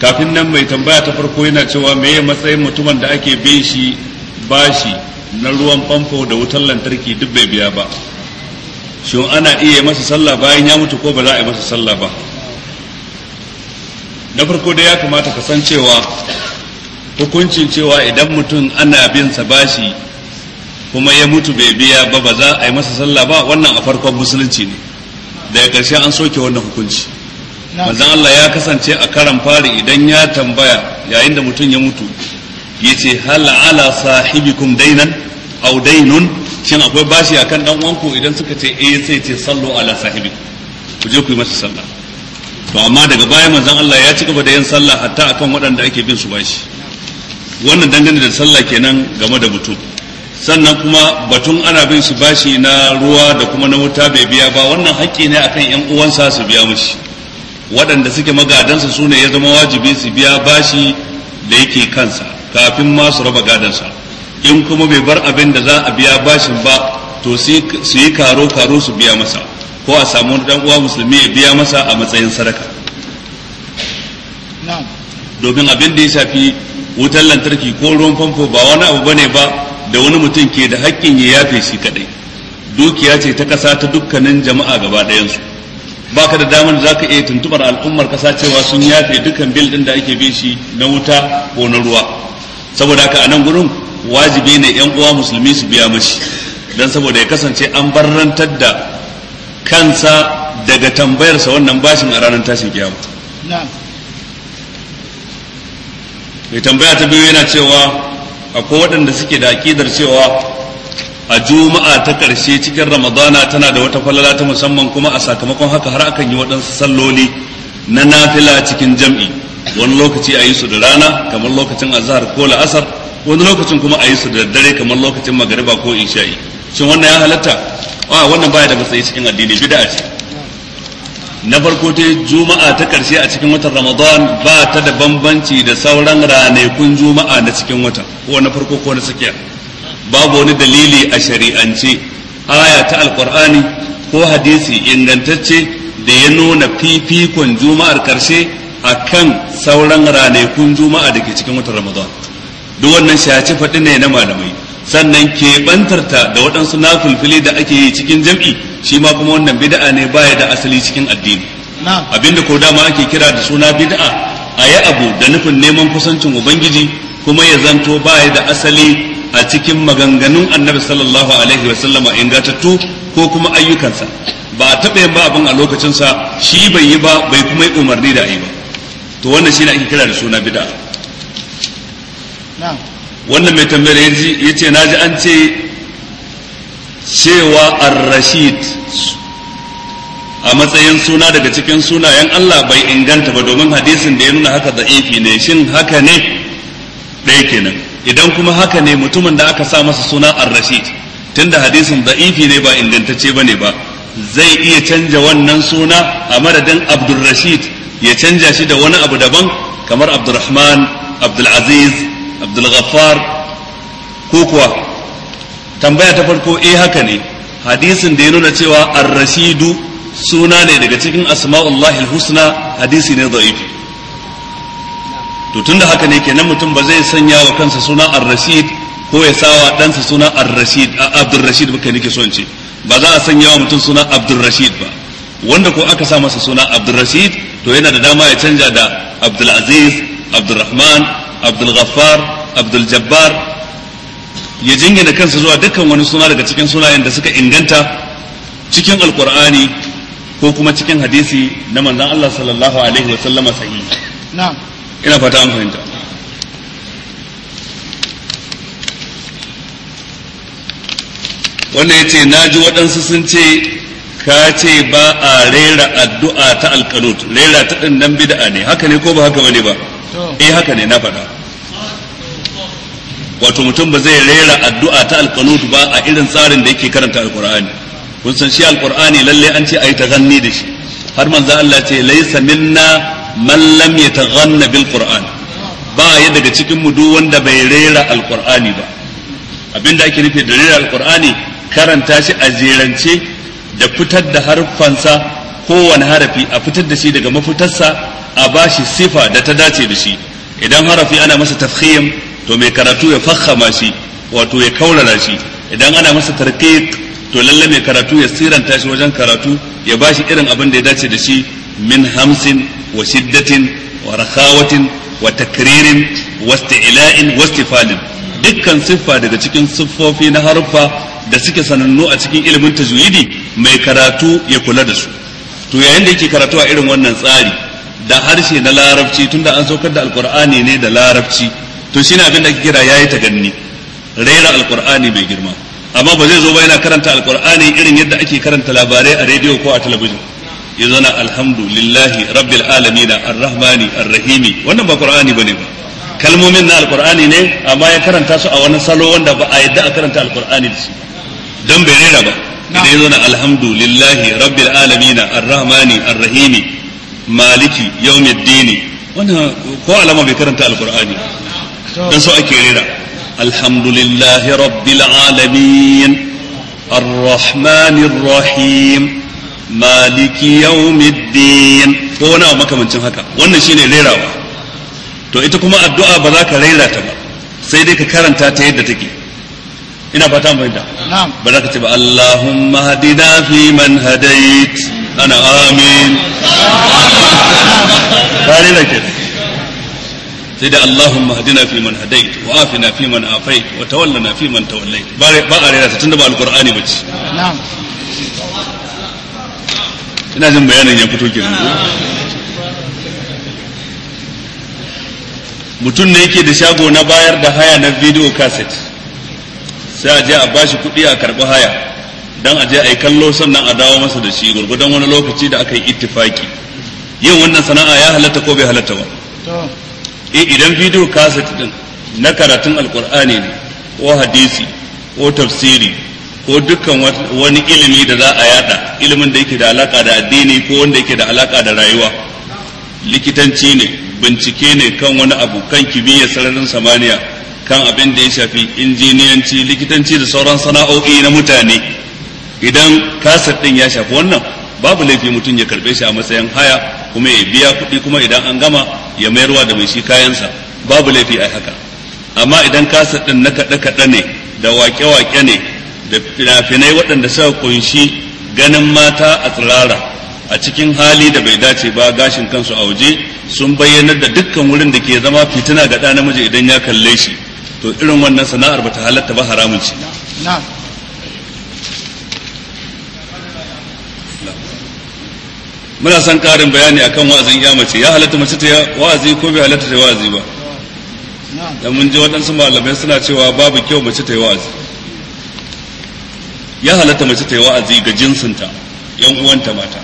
kafin nan mai tambaya ta farko yana cewa me ya matsayin mutumin da ake bin shi bashi na ruwan famfo da wutar lantarki duk bai biya ba shin ana iya masa sallah bayan ya mutu ko ba za a yi masa sallah ba na farko da ya kamata ka san cewa hukuncin cewa idan mutum ana bin sa bashi kuma ya mutu bai biya ba ba za a yi masa sallah ba wannan a farkon musulunci ne daga ƙarshe an soke wannan hukunci manzon Allah ya kasance a karan fari idan ya tambaya yayin da mutum ya mutu ya ce hala ala sahibikum dainan aw dainun shin akwai bashi akan dan uwanku idan suka ce eh sai ce sallu ala sahibi ku je ku yi masa sallah to amma daga baya manzon Allah ya ci gaba da yin sallah hatta akan waɗanda ake bin su bashi wannan dangane da sallah kenan game da mutum sannan kuma batun ana bin shi bashi na ruwa da kuma na wuta bai biya ba wannan haƙƙi ne akan yan uwansa su biya mashi waɗanda suke magadansa su ne ya zama wajibi su biya bashi da yake kansa kafin ma su raba gadansa in kuma bai bar abin da za a biya bashin ba to su yi karo karo su biya masa ko a samu dan uwa musulmi ya biya masa a matsayin sadaka domin abin da ya shafi wutar lantarki ko ruwan famfo ba wani abu bane ba da wani mutum ke da hakkin ya yafe shi kadai dukiya ce ta kasa ta dukkanin jama'a gaba ɗayansu baka da damar za ka iya tuntubar al'ummar kasa cewa sun yafe dukkan bil din da ake bin shi na wuta ko na ruwa saboda haka a nan gurin wajibi ne yan uwa musulmi su biya mashi dan saboda ya kasance an barrantar da kansa daga tambayarsa wannan bashin a ranar tashin kiyama mai tambaya ta biyu yana cewa akwai waɗanda suke da aƙidar cewa a juma'a ta karshe cikin ramadana tana da wata falala ta musamman kuma a sakamakon haka har akan yi waɗansu salloli na nafila cikin jam'i wani lokaci a yi su da rana kamar lokacin azhar ko la'asar wani lokacin kuma a yi su da dare kamar lokacin magariba ko isha'i shin wannan ya halatta a wannan baya da matsayi cikin addini bid'a ce na farko ta juma'a ta karshe a cikin watan ramadan ba ta da bambanci da sauran ranakun juma'a na cikin watan ko na farko ko na tsakiya babu wani dalili a shari'ance aya ta alkur'ani ko hadisi ingantacce da ya nuna fifikon juma'ar karshe kan sauran ranakun juma'a da ke cikin watan ramadan duk wannan shaci faɗi ne na malamai sannan keɓantarta da waɗansu nafulfili da ake yi cikin jam'i shi ma kuma wannan bid'a ne baya da asali cikin addini abinda ko dama ake kira da suna bid'a a yi abu da nufin neman kusancin ubangiji kuma ya zanto baya da asali a cikin maganganun annabi sallallahu alaihi wa sallama ingantattu ko kuma ayyukansa ba a taɓa yin ba abin a lokacinsa shi bai yi ba bai kuma yi umarni da a yi ba to wannan shi ne ake kira da suna bida wannan mai tambayar ya ce na ji an ce cewa ar-rashid a matsayin suna daga cikin sunayen Allah bai inganta ba domin hadisin da ya nuna haka da ne shin haka ne ɗaya kenan idan kuma haka ne mutumin da aka sa masa suna ar-rashid tunda hadisin da'ifi ne ba ingantacce bane ba zai iya canja wannan suna a madadin abdurrashid ya canja shi da wani abu daban kamar abdurrahman abdulaziz abdulghaffar ko kuwa tambaya ta farko eh haka ne hadisin da ya nuna cewa ar-rashidu suna ne daga cikin asma'ullahi husna hadisi ne da'ifi to tun da haka ne kenan mutum ba zai sanya wa kansa suna ar-rashid ko ya sawa ɗansa suna ar a abdul rashid baka nake so ce ba za a sanya wa mutum suna abdul rashid ba wanda ko aka sa masa suna abdul rashid to yana da dama ya canja da abdul aziz abdul rahman abdul ghaffar abdul jabbar ya jingina kansa zuwa dukkan wani suna daga cikin sunayen da suka inganta cikin alkur'ani ko kuma cikin hadisi na manzon Allah sallallahu alaihi wa sallama sahihi na'am ina fata an fahimta wannan ya ce na ji waɗansu sun ce ka ce ba a rera addu'a ta alkanut rera ta ɗin nan bida'a ne haka ne ko ba haka wani ba eh haka ne na faɗa wato mutum ba zai rera addu'a ta alkanut ba a irin tsarin da yake karanta alkur'ani kun san shi alkur'ani lalle an ce a yi ta ganni da shi har manzo Allah ce laisa minna man lam yataghanna bil qur'an ba ya daga cikin mu duk wanda bai rera alqur'ani ba abinda ake nufi da rera alqur'ani karanta shi a jerance da fitar da harfansa kowane harafi a fitar da shi daga mafitarsa a bashi sifa da ta dace da shi idan harafi ana masa tafkhim to mai karatu ya fakhama shi wato ya kaurara shi idan ana masa tarqiq to lalle mai karatu ya siranta shi wajen karatu ya bashi irin abin da ya dace da shi min hamsin wa shiddatin wa rakhawatin wa takririn wa dukkan siffa daga cikin siffofi na haruffa da suke sanannu a cikin ilimin tajwidi mai karatu ya kula da su to yayin da yake karatu a irin wannan tsari da harshe na larabci tunda an saukar da alkur'ani ne da larabci to shine abin da ake kira yayi taganni raira Alƙur'ani mai girma amma ba zai zo ba yana karanta alkur'ani irin yadda ake karanta labarai a rediyo ko a talabijin ya zana alhamdulillahi rabbil alamin arrahmani arrahimi wannan ba qur'ani bane ba kalmomin na alqur'ani ne amma ya karanta su a wani salo wanda ba a yadda a karanta alqur'ani da shi dan bai rera ba idan ya zana alhamdulillahi rabbil arrahmani arrahimi maliki yawmiddini wannan ko alama bai karanta alqur'ani dan so ake rera alhamdulillahi rabbil alamin الرحمن الرحيم maliki yawmiddin ko wani abu makamancin haka wannan shine rairawa to ita kuma addu'a ba za ka raira ta ba sai dai ka karanta ta yadda take ina fata mai da ba za ka ce ba Allahumma hadina fi man hadait ana amin ka raira ke sai da Allahumma hadina fi man hadait wa afina fi man afait wa tawallana fi man tawallait ba a raira ta tunda ba alqur'ani bace na'am ina jin bayanin ya fito kenan mutum ne yake da shago na bayar da haya na video cassette sai a je a bashi kuɗi a karɓi haya don a je a yi kallo sannan a dawo masa da shi gurgudan wani lokaci da aka yi ittifaki yin wannan sana'a ya halatta ko bai halatta ba eh, idan video cassette din na karatun alkur'ani ne ko hadisi ko tafsiri ko dukkan wani ilimi da za a yada ilimin da yake da alaka da addini ko wanda yake da alaka da rayuwa likitanci ne bincike ne kan wani abu kan kimiyyar sararin samaniya kan abin da ya shafi injiniyanci likitanci da sauran sana'o'i na mutane idan kasar din ya shafi wannan babu laifi mutum ya karbe shi a matsayin haya kuma ya biya kuɗi kuma idan an gama ya mayarwa da mai shi kayansa babu laifi a haka amma idan kasar din na kaɗe-kaɗe ne da wake-wake ne da fina-finai waɗanda suka kunshi ganin mata a tsirara a cikin hali da bai dace ba gashin kansu a waje sun bayyanar da dukkan wurin da ke zama fitina ga ɗa namiji idan ya kalle shi to irin wannan sana'ar bata halatta ba haramun ce muna son ƙarin bayani akan wa'azin ya mace ya halatta mace ta wa'azi ko bai halatta ta wa'azi ba da mun ji waɗansu malamai suna cewa babu kyau mace ta yi wa'azi ya halatta mace ta yi wa'azi ga jinsinta yan uwanta mata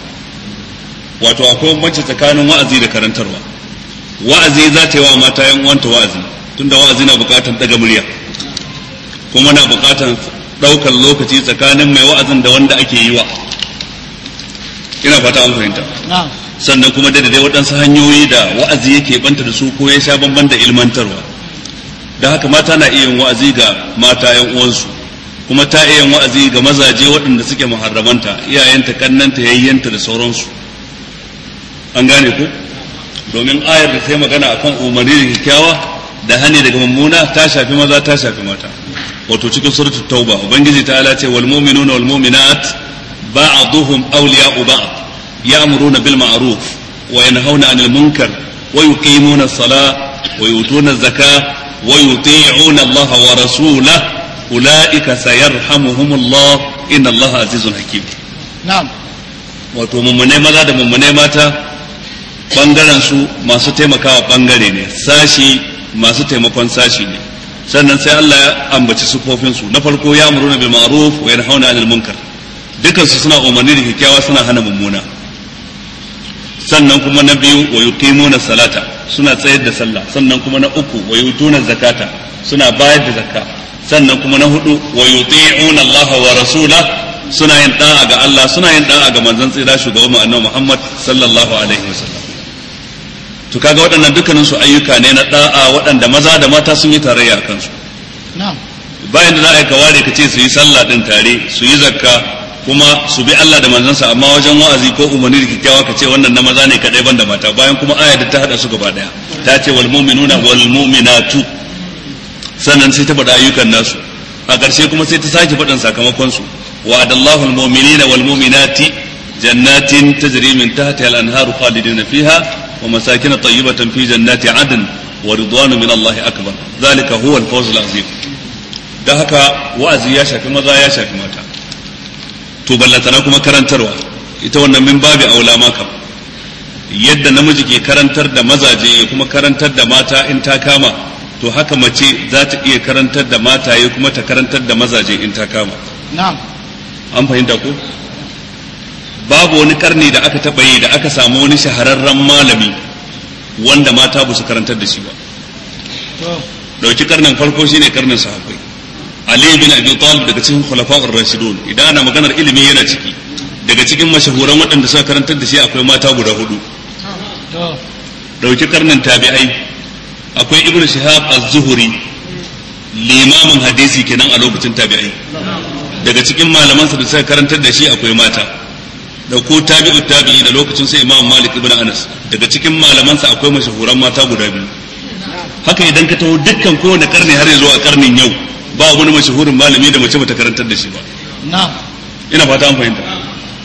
wato akwai mace tsakanin wa'azi da karantarwa wa'azi za ta yi wa mata yan uwanta wa'azi tunda wa'azi na bukatar daga murya kuma na bukatar daukar lokaci tsakanin mai wa'azin da wanda ake yi wa ina fata an fahimta sannan kuma da dai waɗansu hanyoyi da wa'azi yake banta da su ko ya sha bamban da ilmantarwa da haka mata na iya yin wa'azi ga mata yan uwansu kuma ta iya wa'azi ga mazaje waɗanda suke muharramanta iyayenta kannanta yayyanta da sauransu an gane ku domin ayar da ta yi magana akan umarni da kyakkyawa da hani daga mummuna ta shafi maza ta shafi mata wato cikin suratul tauba ubangiji ta ala ce wal mu'minuna wal mu'minat ba'dhum awliya'u ba'd ya'muruna bil ma'ruf wa yanhauna 'anil munkar wa yuqimuna as-salata wa yu'tuna az-zakata wa yuti'una Allah wa rasulahu ulaika sayarhamuhumullah inna Allah azizun hakim na'am wato mummune maza da mummune mata bangaren su masu taimakawa bangare ne sashi masu taimakon sashi ne sannan sai Allah ya ambaci sufofin su na farko ya amuruna bil ma'ruf wa yanhauna 'anil munkar dukan su suna umarni da kyakkyawa suna hana mummuna sannan kuma na biyu wa yuqimuna salata suna tsayar da sallah sannan kuma na uku wa yutuna zakata suna bayar da zakka sannan kuma na hudu wa yuti'una Allah wa rasula suna yin da'a ga Allah suna yin da'a ga manzon tsira shugaban annabi Muhammad sallallahu alaihi wasallam to kaga waɗannan dukkanin su ayyuka ne na da'a waɗanda maza da mata sun yi tarayya a kansu bayan da za a yi kaware ka ce su yi sallah din tare su yi zakka kuma su bi Allah da manzansa amma wajen wa'azi ko umarni da kikkiawa ka ce wannan na maza ne kadai ban da mata bayan kuma aya ta hada su gaba daya ta ce wal mu'minuna wal mu'minatu sannan sai ta faɗa ayyukan nasu a ƙarshe kuma sai ta sake faɗin sakamakon su wa'adallahu almu'minina wal jannatin tajri min al-anharu khalidina fiha wa masakin tayyibatan fi jannati adn wa ridwanu min Allah akbar zalika huwa al-fawz al-azim dan haka wa'azi ya shafi maza ya shafi mata to ballatana kuma karantarwa ita wannan min babi aula ma kam yadda namiji ke karantar da mazaje ya kuma karantar da mata in ta kama to haka mace za ta iya karantar da mataye kuma ta karantar da mazaje in ta kama na'am an fahimta ko babu wani karni da aka taɓa yi da aka samu wani shahararren malami wanda mata ba su karantar da shi ba dauki karnin farko shine karnin sahabbai ali bin abi talib daga cikin khulafa'ur rashidun idan ana maganar ilimi yana ciki daga cikin mashahuran waɗanda suka karantar da shi akwai mata guda hudu dauki karnin tabi'ai akwai ibn shihab az-zuhri limamin hadisi kenan a lokacin tabi'i daga cikin malaman sa da suka karantar da shi akwai mata da ko tabi'u tabi'i da lokacin sai imam malik ibn anas daga cikin malaman sa akwai mashahuran mata guda biyu haka idan ka taho dukkan kowane karni har zuwa karnin yau ba wani mashahurin malami da mace bata karantar da shi ba ina fata an fahimta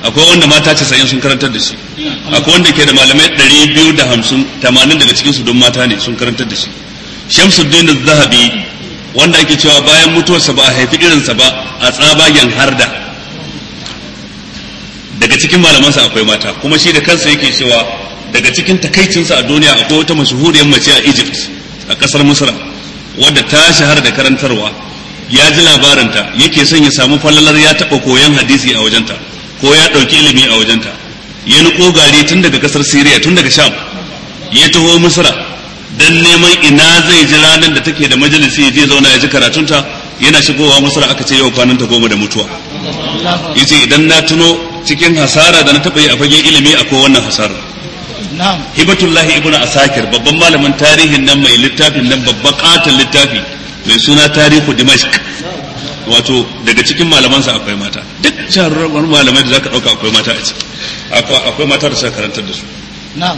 akwai wanda mata casa'in sun karantar da shi akwai wanda ke da malamai ɗari biyu da hamsin tamanin daga cikin su don mata ne sun karantar da shi shamsuddin zahabi wanda ake cewa bayan mutuwarsa ba a haifi irinsa ba a tsabagen harda daga cikin malamansa akwai mata kuma shi da kansa yake cewa daga cikin takaicinsa a duniya akwai wata mashuhuriyar mace a egypt a kasar misra wadda ta shahara da karantarwa ya ji labarinta yake son ya samu fallalar ya taɓa koyon hadisi a wajenta ko ya ɗauki ilimi a wajenta ya niko gari tun daga kasar siriya tun daga sham ya taho misra don neman ina zai ji ranar da take da majalisi ya zauna ya ji karatunta yana shigowa misra aka ce yau kwanan ta goma da mutuwa ya ce idan na tuno cikin hasara da na taɓa yi a fagen ilimi a wannan hasara hibatullahi ibnu asakir babban malamin tarihin nan mai littafin nan babban katon littafi mai suna tarihu dimashq wato daga cikin malamansa akwai mata duk shahararren malamai da zaka dauka akwai mata a ciki akwai mata da suka karantar da su na'am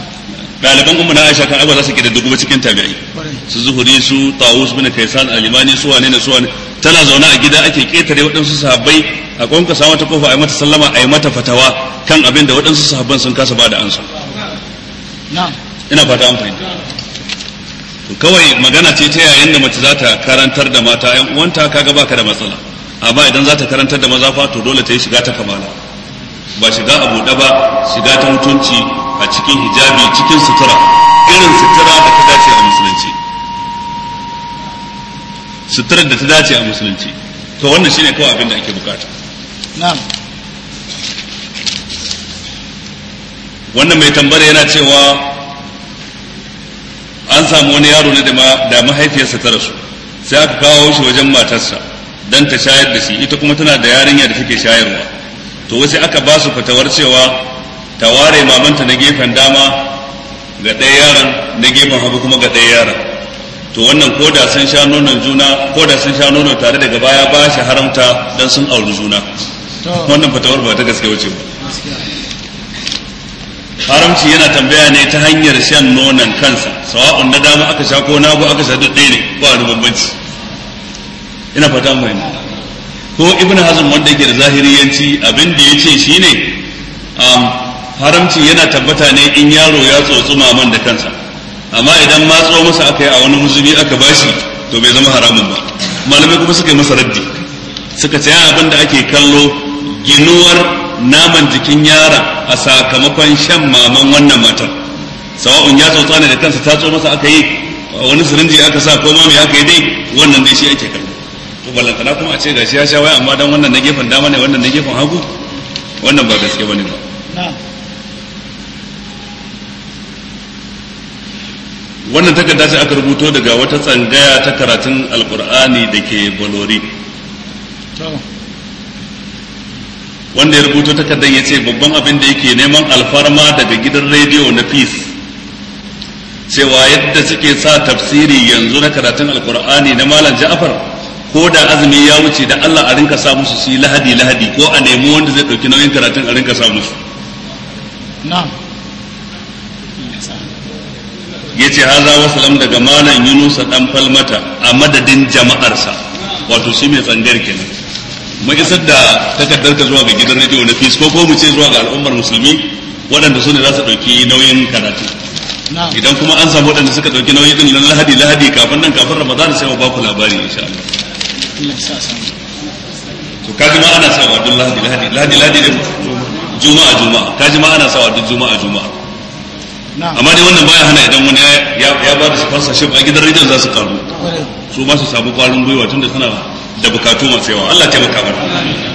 ɗaliban umma na Aisha kan abuwa za su ke da dubu cikin tabi'ai su zuhuri su tawus bin kaisan alimani su wane ne su wane tana zaune a gida ake ketare waɗansu sahabbai a kwanka sa mata kofa a yi mata sallama a yi mata fatawa kan abin da waɗansu sahabban sun kasa ba da ansa ina fata an fahimta kawai magana ce ta yayin da mace za ta karantar da mata yan uwanta kaga baka da matsala amma idan za ta karantar da maza fa to dole ta yi shiga ta kamala ba shiga a buɗe ba shiga ta mutunci a cikin hijabi cikin sutura irin sutura da ta dace a musulunci suturar da ta dace a musulunci to wannan shine kawai abin da ake bukata na'am wannan mai tambara yana cewa an samu wani yaro ne da mahaifiyarsa ta rasu sai aka kawo shi wajen matarsa don ta shayar da shi ita kuma tana da yarinya da take shayarwa to wasu aka ba su fatawar cewa ta ware mamanta na gefen dama ga ɗaya yaron na gefen hagu kuma ga ɗaya yaron to wannan ko da sun sha nonon juna ko da sun sha nono tare daga baya ba shi haramta don sun auri juna wannan fatawar ba ta gaske wuce ba haramci yana tambaya ne ta hanyar shan nonon kansa sawa'un na dama aka sha ko nago aka sha duk ne ba a bambanci ina fata mai ko ibn hazm wanda yake da zahiriyanci abin da yace shine um, haramci yana tabbata ne in yaro ya tsotsu maman da kansa amma idan matso masa aka yi a wani muzubi aka bashi to bai zama haramun ba malamai kuma suka yi masa raddi suka ce abin da ake kallo ginuwar naman jikin yara a sakamakon shan maman wannan matar sawa'un ya tsotsa ne da kansa ta tso masa aka yi wani sirinji aka sa ko mamaye aka yi dai wannan dai shi ake karɓa to ballantana kuma a ce shi ya sha waya amma dan wannan na gefen dama ne wannan na gefen hagu wannan ba gaske bane ba wannan takarda sai aka rubuto daga wata tsangaya ta karatun alkur'ani da ke bolori wanda ya rubuto takardar ya ce babban abin da yake neman alfarma daga gidan rediyo na peace cewa yadda suke sa tafsiri yanzu na karatun alkur'ani na malam ja'afar ko da azumi ya wuce da Allah a rinka sa musu su yi lahadi lahadi ko a nemi wanda zai ɗauki nauyin karatun a rinka sa musu ya ce haza wasalam daga malam yunusa dan falmata a madadin jama'arsa wato shi mai tsangar kenan mu isar da takardar ka zuwa ga gidan rediyo na fis ko ko mu ce zuwa ga al'ummar musulmi waɗanda su ne za su ɗauki nauyin karatu idan kuma an samu waɗanda suka ɗauki nauyin ɗin nan lahadi lahadi kafin nan kafin ramadan sai mu ba ku labari insha Allah to ji ma ana sawa duk lahadi lahadi lahadi lahadi din juma'a juma'a ji ma ana sawa duk juma'a juma'a amma dai wannan baya hana idan wani ya ya ba da sponsorship a gidan rediyon za su karu su ba su samu kwarin gwiwa tunda suna da bukatu masu yawa Allah taimaka mana